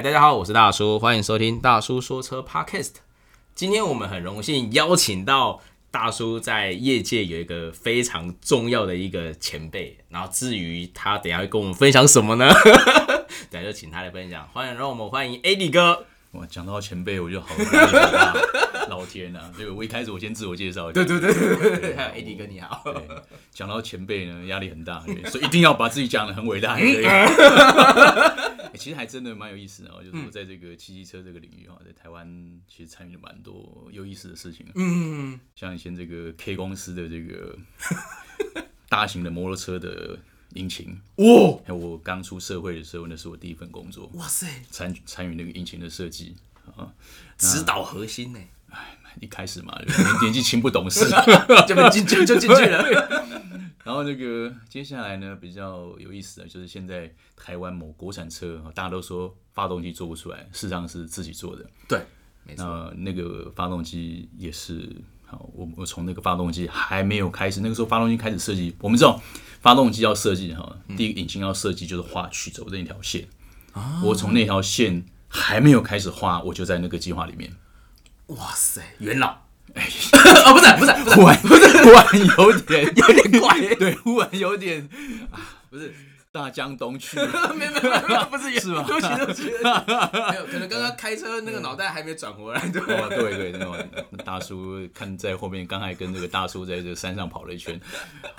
大家好，我是大叔，歡迎收聽大叔說車 Podcast。今天我們很榮幸邀請到大叔在業界有一個非常重要的一個前輩。然後至於他等下會跟我們分享什麼呢？等 下、啊、就請他來分享。歡迎，讓我們歡迎 Andy 哥。哇，講到前輩，我就好。 老天吶、啊！這個我一開始，我先自我介紹一下。對對對對，對，還有 AD 哥你好。講到前輩呢，壓力很大對，所以一定要把自己講的很偉大還可以。嗯、 其實還真的蠻有意思哦，就是我在這個汽機車這個領域啊、嗯，在台灣其實參與了蠻多有意思的事情。嗯，像以前這個 K 公司的這個大型的摩托車的引擎、哦、還有我剛出社會的時候，那是我第一份工作。哇塞！參參與那個引擎的設計指導核心呢、欸。一開始嘛，年紀輕不懂事， 就進就就進去了。 然後那個接下來呢，比較有意思的就是現在台灣某國產車，大家都說發動機做不出來，事實上是自己做的。對，沒錯。那那個發動機也是，好我我從那個發動機還沒有開始，那個時候發動機開始設計，我們知道發動機要設計哈，第一個引擎要設計、嗯、就是畫曲軸的那條線。哦、我從那條線還沒有開始畫，我就在那個計劃裡面。哇塞，元老、欸！哦，不是，不是，忽然，不是忽然，忽然有點，有點怪、欸，對，忽然有點啊，不是大江東去， 沒有沒有沒，有，不是也是吧？對不起？沒有，可能剛剛開車那個腦袋還沒轉回來，對吧、哦？對對對、那個，大叔看在後面，剛才跟那個大叔在這山上跑了一圈，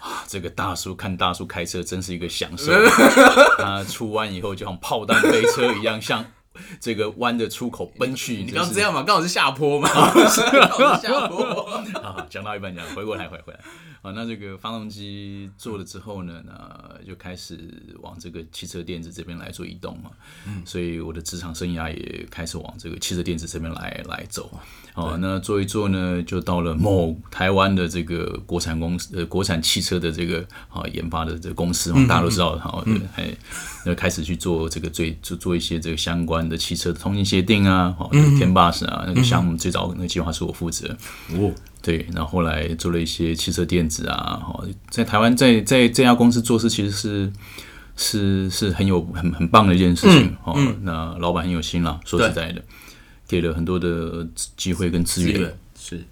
啊，這個大叔看大叔開車真是一個享受，他、 啊、出彎以後就像炮彈飛車一樣，像。這個彎的出口奔去，你剛，剛這樣嘛？剛好是下坡嘛？ 好是下坡啊！ 講到一半講，回過來，回回來，好，那這個發動機做了之後呢，那就開始往這個汽車電子這邊來做移動嘛。嗯，所以我的職場生涯也開始往這個汽車電子這邊來來走。好，那做一做呢，就到了某台灣的這個國產公司，呃，國產汽車的這個啊研發的這個公司，大家都知道的，嗯，哎，要，嗯，開始去做這個最做做一些這個相關。的汽車的通信協定啊，哦、嗯，天巴士啊，嗯、那個項目最早的那個計劃是我負責的哦，對，那後，後來做了一些汽車電子啊，哦，在台灣在在這家公司做事，其實是是是很有很很棒的一件事情、嗯嗯、哦。那老闆很有心啦，說實在的，給了很多的機會跟資源是，是，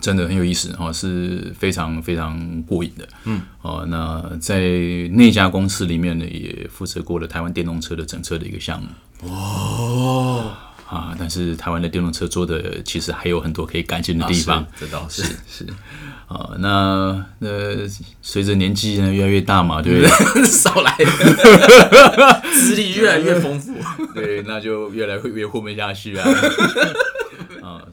真的很有意思啊、哦，是非常非常過癮的。嗯，哦，那在那家公司裡面呢，也負責過了台灣電動車的整車的一個項目。哦，啊！但是台灣的電動車做的其實還有很多可以改進的地方，這、啊、倒是是，是，是啊。那那隨着年紀呢越來越大嘛，對不對、嗯？少來，資 歷 越來越豐富，對，那就越來越越混不下去啊。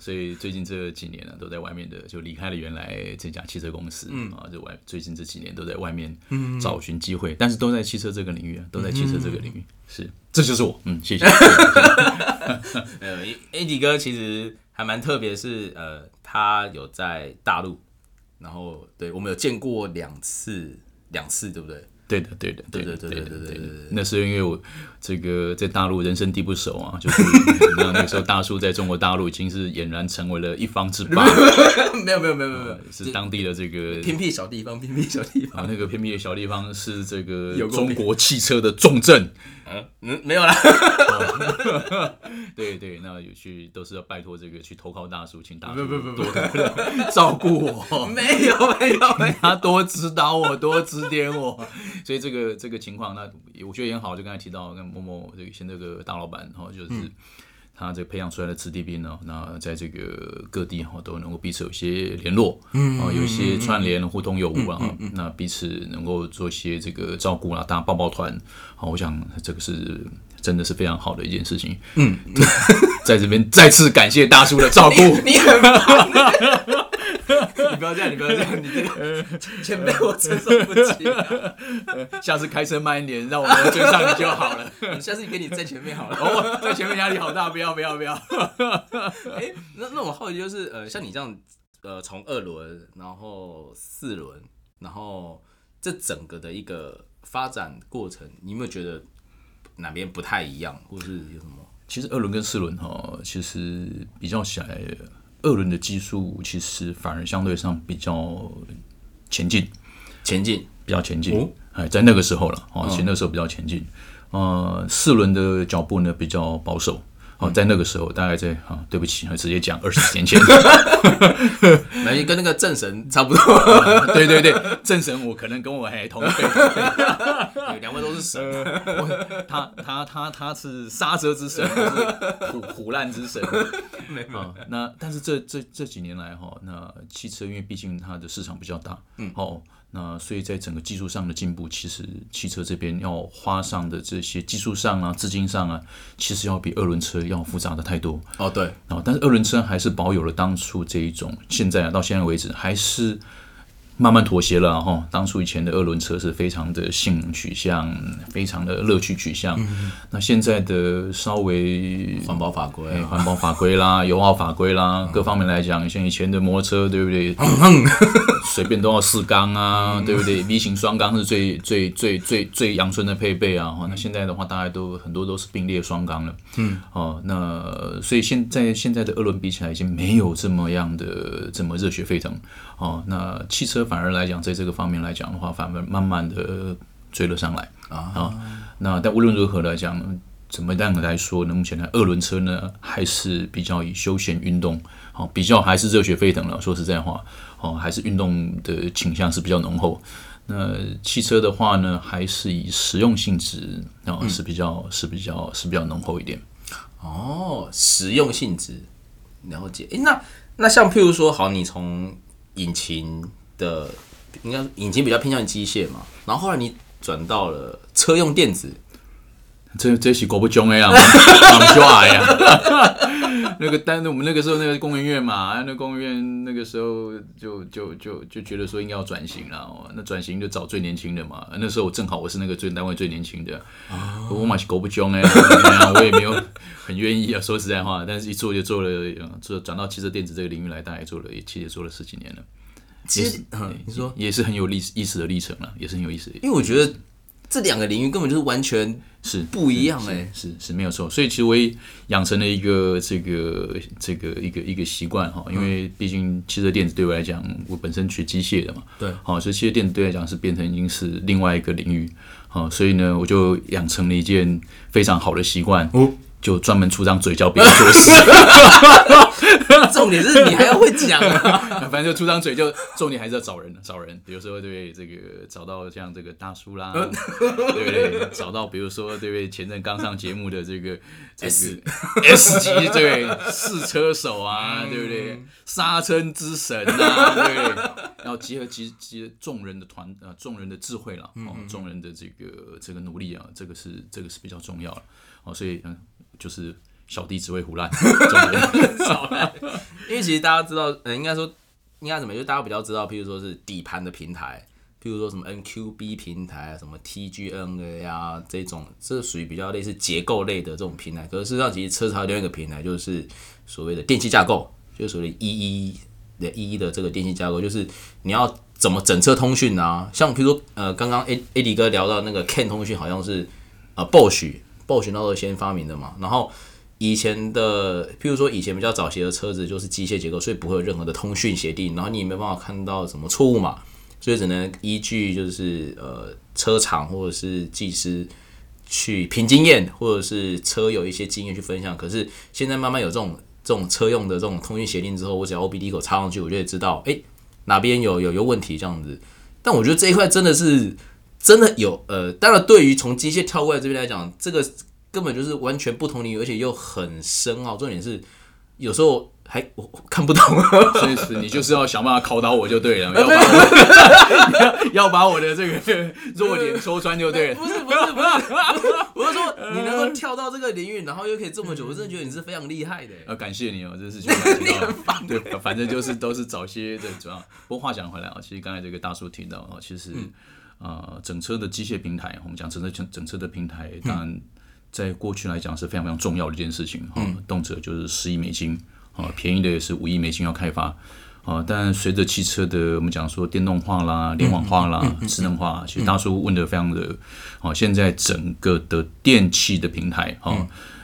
所以最近這幾年呢、啊，都在外面的就離開了原來這家汽車公司啊，嗯、就外最近這幾年都在外面找尋機會、嗯，但是都在汽車這個領域啊，都在汽車這個領域，嗯、是這就是我，嗯，謝謝。呃 Andy 哥其實還蠻特別，是呃，他有在大陸，然後對我們有見過兩次，兩次對不對？對的，對的，對的，對的，對的，對的、對的、對的、對。那是因為我這個在大陸人生地不熟啊，就是 那，那時候大叔在中國大陸已經是儼然成為了一方之霸。沒有，沒有，沒有，沒有，是當地的這個偏僻小地方，偏僻小地方。啊、那個偏僻的小地方是這個有中國汽車的重鎮。嗯，嗯，沒有啦 、哦。對對，那有去都是要拜托這個去投靠大叔，請大叔多不不不不不照顧我， 沒有沒有，沒有，他多指導我，多指點我。 所以這個這個情況，那我覺得也好，就剛才提到跟某某這個現在這個大老闆，然、哦、後就是。嗯那這個培養出來的子弟兵呢？那在這個各地哈都能夠彼此有些聯絡、嗯嗯嗯嗯嗯，啊，有些串聯、互通有無啊、嗯嗯嗯嗯。那彼此能夠做一些這個照顧啊，大家抱抱團。好，我想這個是真的是非常好的一件事情。嗯， 在這邊再次感謝大叔的照顧 你。 你很 senka, 你很 你不要這樣，你不要這樣，你這個前輩我承受不起。 下次開車慢一點，讓我追上你就好了。 下次你跟你在前面好了，我、 oh, 在前面壓力好大，不要不要不要。哎、 欸，那那我好奇就是，呃，像你這樣，呃，從二輪然後四輪，然後這整個的一個發展過程，你有沒有覺得哪邊不太一樣，或是有什麼？其實二輪跟四輪哈，其實比較小、欸。二輪的技術其實反而相對上比較前進，前進比較前進，哎、嗯，在那個時候了，哦，那個時候比較前進、嗯，呃，四輪的腳步呢比較保守。在那個時候，大概在哈，對不起，我直接講二十年前， 來 跟那個正神差不多，對對對，正神我可能跟我還同一輩，兩位都是神，他他他他是煞車之神，是唬爛之神，啊，那但是這這這幾年來哈、哦，那汽車因為畢竟它的市場比較大、哦，嗯，好。那所以，在整個技術上的進步，其實汽車這邊要花上的這些技術上啊、資金上啊，其實要比二輪車要複雜的太多。哦，oh，對，然後但是二輪車還是保有了當初這一種，現在啊，到現在為止還是。慢慢妥協了哈，當初以前的二輪車是非常的性能取向，非常的樂趣取向，嗯。那現在的稍微環保法規、環保法規啦， 油耗法規啦，各方面來講，像以前的摩托車，對不對？ 隨便都要四缸啊，對不對？V 型雙缸是最最最最最陽春的配備啊。那現在的話大概，大家都很多都是並列雙缸了。嗯，哦，那所以現在現在的二輪比起來，已經沒有這麼樣的這麼熱血沸騰。哦，那汽車反而來講，在這個方面來講的話，反而慢慢的追了上來啊、哦、那但無論如何來講，怎麼樣來說呢？目前的二輪車呢，還是比較以休閒運動，好、哦，比較還是熱血沸騰了。說實在話，哦，還是運動的傾向是比較濃厚。那汽車的話呢，還是以實用性質，哦，是比較、嗯、是比較是比較濃厚一點。哦，實用性質，了解。哎，那那像譬如說，好，你從引擎的，應該引擎比較偏向機械嘛，然後後來你轉到了車用電子，這這是國不中的樣子，呀。 那個，但是我們那個時候那個工研院嘛，那工研院那個時候就就就就覺得說應該要轉型了，哦，那轉型就找最年輕的嘛。那時候我正好我是那個最單位最年輕的，我嘛是不囧哎，我也沒有很願意啊， 說實在話。但是一做就做了，做，嗯、轉到汽車電子這個領域來，大概也做了也其實做了十幾年了，其實，嗯，你說也是很有歷史歷史的歷程了，也是很有意思，的有意思的。因為我覺得。這兩個領域根本就是完全是不一樣哎、欸，是是，是，是沒有錯。所以其實我也養成了一個這個這個一個一個習慣哈，因為畢竟汽車電子對我來講，我本身學機械的嘛，對，好，所以汽車電子對我來講是變成已經是另外一個領域。好，所以呢，我就養成了一件非常好的習慣，哦、就專門出張嘴教別人做事。 重點是你還要會講啊， 反正就出張嘴就重點還是要找人，找人，比如說對不對？這個找到像這個大叔啦， 對不對？找到比如說對不對，前陣剛上節目的這個， 個 S 級對試 車手啊、嗯、對對啊，對不對？剎車之神啊，對，然後集合集合集合眾人的團呃眾人的智慧了、嗯嗯、哦，眾人的這個這個努力啊，這個是這個是比較重要的、啊、哦，所以嗯、呃，就是。小弟只會唬爛。 因為其實大家知道，呃，應該說應該怎麼，就大家比較知道，譬如說是底盤的平台，譬如說什麼 NQB 平台啊，什麼 TGNA 呀、啊、這種，這屬於比較類似結構類的這種平台。可是實際上，其實車廠另外一個平台就是所謂的電氣架構，就所謂一一的、一一的這個電氣架構，就是你要怎麼整車通訊啊？像譬如說，呃，剛剛 AD 哥聊到那個 CAN 通訊，好像是啊，Bosch Bosch 那時候先發明的嘛，然後。以前的，譬如說以前比較早些的車子，就是機械結構，所以不會有任何的通訊協定，然後你也沒辦法看到什麼錯誤嘛，所以只能依據就是呃車廠或者是技師去憑經驗，或者是車有一些經驗去分享。可是現在慢慢有這種這種車用的這種通訊協定之後，我只要 OBD 口插上去，我就知道哎、欸、哪邊有有有問題這樣子。但我覺得這一塊真的是真的有呃，當然對於從機械跳過來這邊來講，這個。根本就是完全不同領域，而且又很深奧、哦。重點是有時候我還我看不懂，所以你就是要想辦法考倒我就對了， 要把我 要把我的這個弱點戳穿就對了。不是不是不是，我 是，是，是說你能夠跳到這個領域，然後又可以這麼久，我真的覺得你是非常厲害的。啊、呃，感謝你哦，這件事情 你很棒。對，反正就是都是找些的。主要不過話講回來啊，其實剛才這個大叔提到啊，其實、嗯、呃，整車的機械平台，我們講整車整車的平台，當然。嗯在過去來講是非常非常重要的一件事情哈，動輒就是十億美金啊，便宜的也是五億美金要開發啊。但隨着汽車的我們講說電動化啦、聯網化啦、智能化，其實大叔問的非常的，現在整個的電器的平台。嗯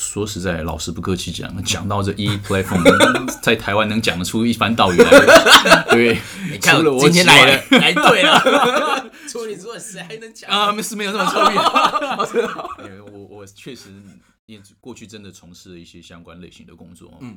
說實在，老實不客氣講，講到這一、e、platform，能 在台灣能講得出一番道理來、， 欸、來。對，你看了我今天來了 來對了，了 除了你之外，誰還能講啊？是、um,，沒有那麼聰明 嗯。我我確實，你過去真的從事了一些相關類型的工作。嗯。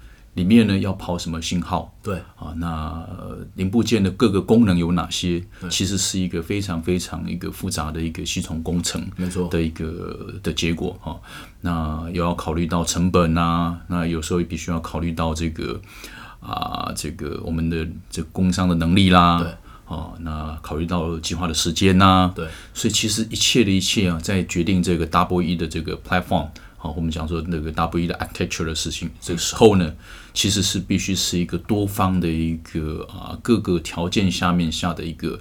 裡面呢，要跑什麼信號？對啊，那零部件的各個功能有哪些？其實是一個非常非常一個複雜的一個系統工程，沒錯的一個的結果啊。那又要考慮到成本啊，那有時候也必須要考慮到這個啊，這個我們的這個、工商的能力啦，對，啊，那考慮到計劃的時間吶、啊，對，所以其實一切的一切啊，在決定這個 Double E 的這個 platform。好，我們講說那個 WE 的 architecture 的事情，這個時候呢，哦、其實是必須是一個多方的一個啊，各個條件下面下的一個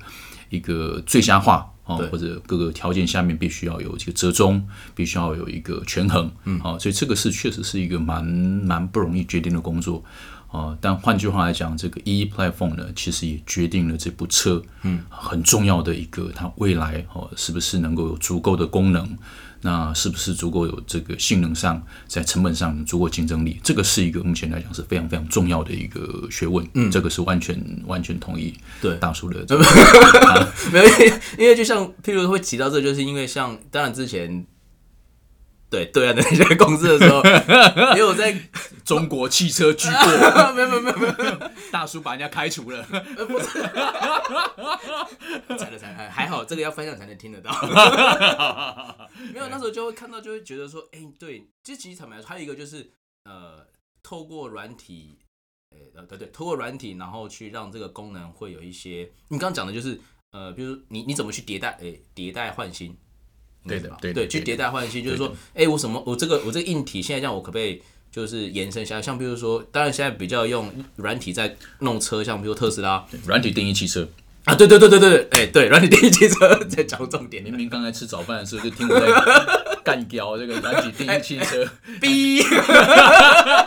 一個最佳化啊，或者各個條件下面必須要有這個折中，必須要有一個權衡。嗯，好、啊，所以這個是確實是一個蠻蠻不容易決定的工作。啊、哦，但換句話來講，這個 E platform 呢，其實也決定了這部車，嗯，很重要的一個它未來哦，是不是能夠有足夠的功能？那是不是足夠有這個性能上，在成本上足夠競爭力？這個是一個目前來講是非常非常重要的一個學問。嗯，這個是完全完全同意。對，大叔的、這個，沒、嗯、有，啊、 因為就像譬如會提到這，就是因為像當然之前。對對啊，那些公司的時候，也有在 中國汽車俱樂、啊啊啊、沒有沒有沒有沒有，大叔把人家開除了、哎，拆了拆，還好這個要分享才能聽得到 好好好好，沒有那時候就會看到，就會覺得說，哎，對，其實其實坦白說，還有一個就是呃，透過軟體，呃對，對對，透過軟體，然後去讓這個功能會有一些，你剛剛講的就是呃，比如你你怎麼去迭代，哎，迭代換新。對的，對，去迭代換新，就是說，哎、欸，我什麼，我這個，我這個硬體現在這樣，我可不可以就是延伸一下？像比如說，當然現在比較用軟體在弄車，像比如特斯拉，軟體定義汽車啊，對對對對對，哎，對，軟體定義汽車在講、嗯、重點。明明剛才吃早飯的時候就聽我在幹掉這個軟體定義汽車。對、欸欸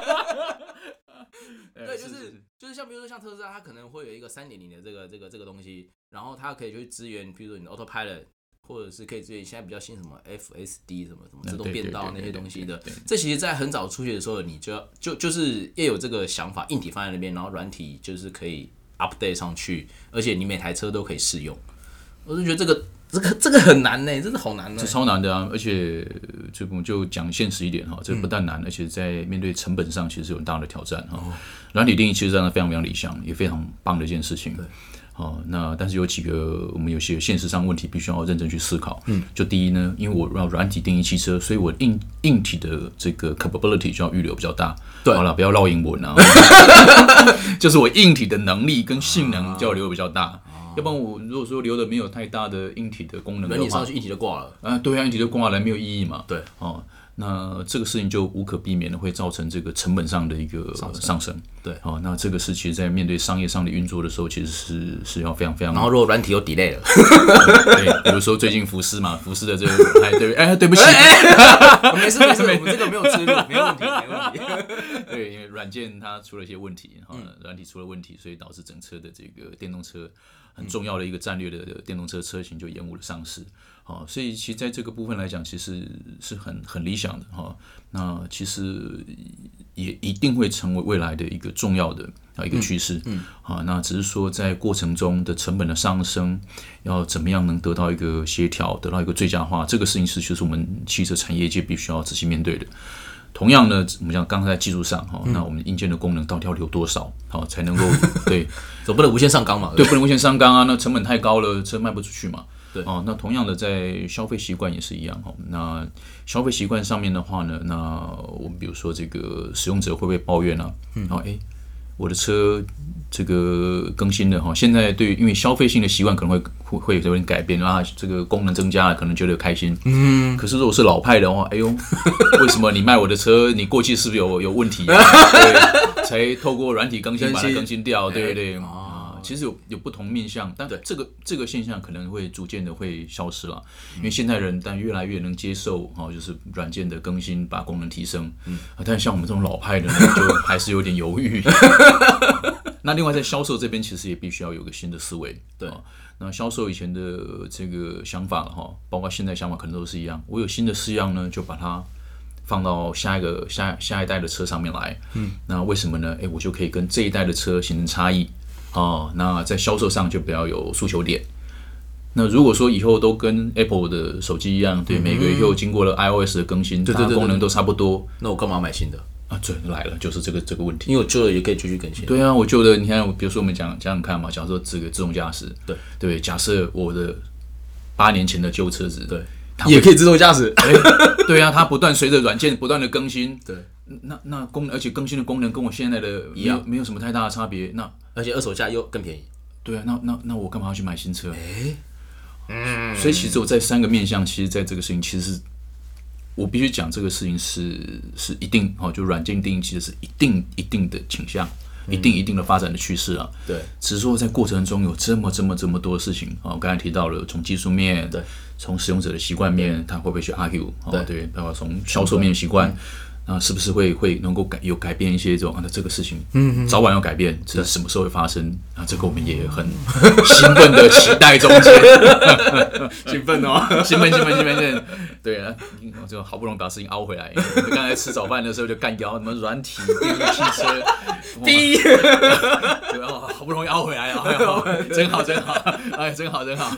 欸就是，就是就是像比如說像特斯拉，它可能會有一個三點零的這個這個這個東西，然後它可以去支援，比如說你的 Auto Pilot。或者是可以自己現在比較新，什麼 FSD 什麼什麼自動變道、啊、那些東西的，這其實在很早出去的時候，你就要就就是要有這個想法，硬體放在那邊，然後軟體就是可以 update 上去，而且你每台車都可以試用。我是覺得這個這個這個很難呢，真的好難、欸，這超難的。啊。而且這部就講現實一點哈、喔，這不但難，而且在面對成本上其實有很大的挑戰哈。軟、喔哦、體定義其實真的非常非常理想，也非常棒的一件事情。對好、哦，那但是有幾個我們有些現實上問題必須要認真去思考。嗯，就第一呢，因為我要軟體定義汽車，所以我硬硬體的這個 capability 就要預留比較大。對，好了，不要烙英文啊。 就是我硬體的能力跟性能就要留比較大、啊，要不然我如果說留的沒有太大的硬體的功能的，軟體上去硬體就掛了。嗯、啊，對、啊，硬體就掛了，來沒有意義嘛。對，哦。那這個事情就無可避免的會造成這個成本上的一個上升。上升對，好，哦，那這個事情在面對商業上的運作的時候，其實是是要非常非常。然後，如果軟體又 delay 了 對，對，比如說最近福斯嘛，福斯的這個，哎，對，哎，欸，對不起，沒事沒事沒事，沒事我們這個沒有吃，沒問題沒問題。對，因為軟件它出了一些問題，哈，嗯，軟體出了問題，所以導致整車的這個電動車。很重要的一個戰略的電動車車型就延誤了上市，所以其實在這個部分來講，其實是很很理想的哈。那其實也一定會成為未來的一個重要的啊一個趨勢，啊、嗯嗯，那只是說在過程中的成本的上升，要怎麼樣能得到一個協調，得到一個最佳化，這個事情是就是我們汽車產業界必須要仔細面對的。同樣呢，我們講剛才在技術上哈，嗯、那我們硬件的功能到底有多少，要留多少好、嗯、才能夠對， 總不能無限上綱嘛對？對，不能無限上綱啊，那成本太高了，車賣不出去嘛。對哦。那同樣的在消費習慣也是一樣哈。那消費習慣上面的話呢，那我們比如說這個使用者會不會抱怨呢、啊？嗯，好誒。我的車這個更新的哈，現在對，因為消費性的習慣可能會會，會有一點改變啊，這個功能增加了，可能覺得開心。嗯，可是如果是老派的話，哎呦， 為什麼你賣我的車？你過去是不是有有問題，啊 對？才透過軟體更新把它更新掉，新對不對，對？其實有有不同面向，但這個對這個現象可能會逐漸的會消失了、嗯，因為現代人但越來越能接受哈、哦，就是軟件的更新，把功能提升。嗯，但像我們這種老派的呢就還是有點猶豫。 那另外在銷售這邊，其實也必須要有個新的思維。對，哦、那銷售以前的這個想法哈、哦，包括現在想法可能都是一樣。我有新的式樣呢，就把它放到下一個下下一代的車上面來。嗯，那為什麼呢？誒，我就可以跟這一代的車形成差異。哦，那在銷售上就比較有訴求點。那如果說以後都跟 Apple 的手機一樣，對、嗯、每個月又經過了 iOS 的更新，對對，對，對，對，它的功能都差不多，那我幹嘛買新的啊？對，來了，就是這個這個問題。因為我舊的也可以繼續更新。對啊，我舊的，你看，比如說我們講講講看嘛，假設這個自動駕駛，對對，假設我的八年前的舊車子，對，它也可以自動駕駛、 欸。對啊，它不斷隨着軟件不斷的更新，對。那那功能，而且更新的功能跟我現在的一樣，沒有什麼太大的差別。那而且二手價又更便宜。對啊，那那那我幹嘛要去買新車？欸？嗯。所以其實我在三個面向，其實在這個事情，其實是我必須講這個事情是是一定哦，就軟件定義其實是一定一定的傾向，一定、嗯、一定的發展的趨勢啊。對。只是說在過程中有這麼這麼這麼多事情哦。我剛才提到了從技術面，對，從使用者的習慣面，他會不會去 argue？對對，包括從銷售面習慣。嗯嗯啊，是不是會會能夠改有改變一些這種啊？那這個事情，嗯，早晚要改變，知道什麼時候會發生啊？這個我們也很興奮 的時代中間興奮哦，興奮興奮興奮！ 對啊，就好不容易把事情凹回來。剛才吃早飯的時候就幹掉我們軟體汽車第一，對好不容易凹回來啊， 真好真好，哎，真好真好。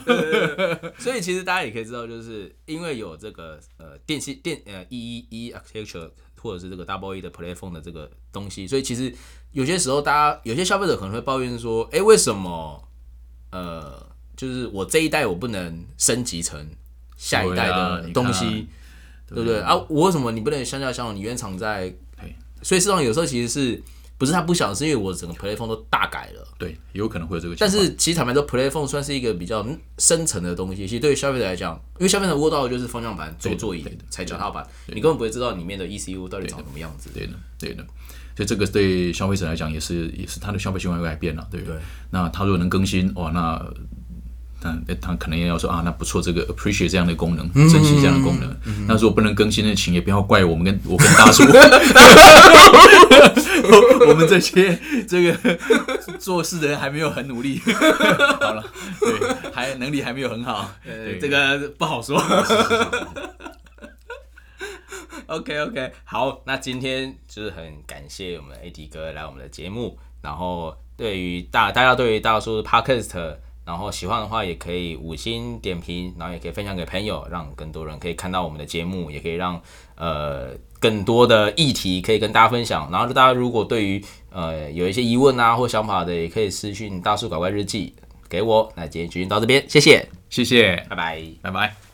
所以其實大家也可以知道，就是因為有這個呃電信電呃 E E architecture。或者是這個 W E 的 Platform 的這個東西，所以其實有些時候，大家有些消費者可能會抱怨說：“哎、欸，為什麼呃，就是我這一代我不能升級成下一代的東西，對、啊、對不對，對啊，啊？我為什麼你不能相較相容？你原廠在，所以市場有時候其實是。”不是他不想，是因為我整個 PlayPhone 都大改了。對，有可能會有這個情況。但是其實坦白說，PlayPhone 算是一個比較深層的東西。其實對於消費者來講，因為消費者握到的就是方向盤、坐座椅、踩腳踏板，你根本不會知道裡面的 ECU 到底長什麼樣子對對。對的，對的。所以這個對消費者來講也是也是他的消費習慣有改變了，對不對，對，對？那他如果能更新，哇、哦，那。但他可能也要說啊，那不錯，這個 appreciate 這樣的功能，珍、嗯、惜、嗯、這樣的功能。那 如果不能更新的情，也不要怪我們，我跟我跟大叔 我， 我們這些這個做事的人還沒有很努力。 好了、啊，對，還能力還沒有很好，呃，這個不好說。是是是 OK OK，好，那今天就是很感謝我們 AD 哥來我們的節目， 然後對於大大家對於大叔的 Podcast 然後喜歡的話也可以五星點評，然後也可以分享給朋友，讓更多人可以看到我們的節目，也可以讓呃更多的議題可以跟大家分享。然後大家如果對於呃有一些疑問啊或想法的，也可以私信“大叔搞怪日記”給我。那今天就到這邊，謝謝，謝謝，拜拜，拜拜。